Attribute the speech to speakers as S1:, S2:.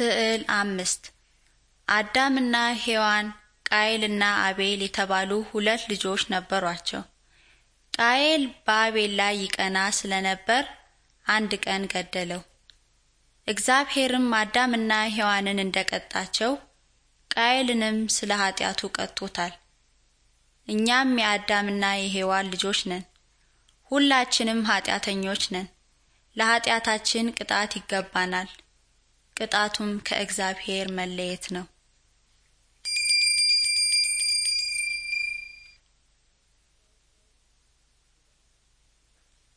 S1: ስዕል አምስት አዳምና ሔዋን ቃየልና አቤል የተባሉ ሁለት ልጆች ነበሯቸው። ቃየል በአቤል ላይ ይቀና ስለነበር አንድ ቀን ገደለው። እግዚአብሔርም አዳምና ሔዋንን እንደቀጣቸው ቃየልንም ስለ ኃጢአቱ ቀጥቶታል። እኛም የአዳምና የሔዋን ልጆች ነን። ሁላችንም ኃጢአተኞች ነን። ለኃጢአታችን ቅጣት ይገባናል። ቅጣቱም ከእግዚአብሔር መለየት ነው።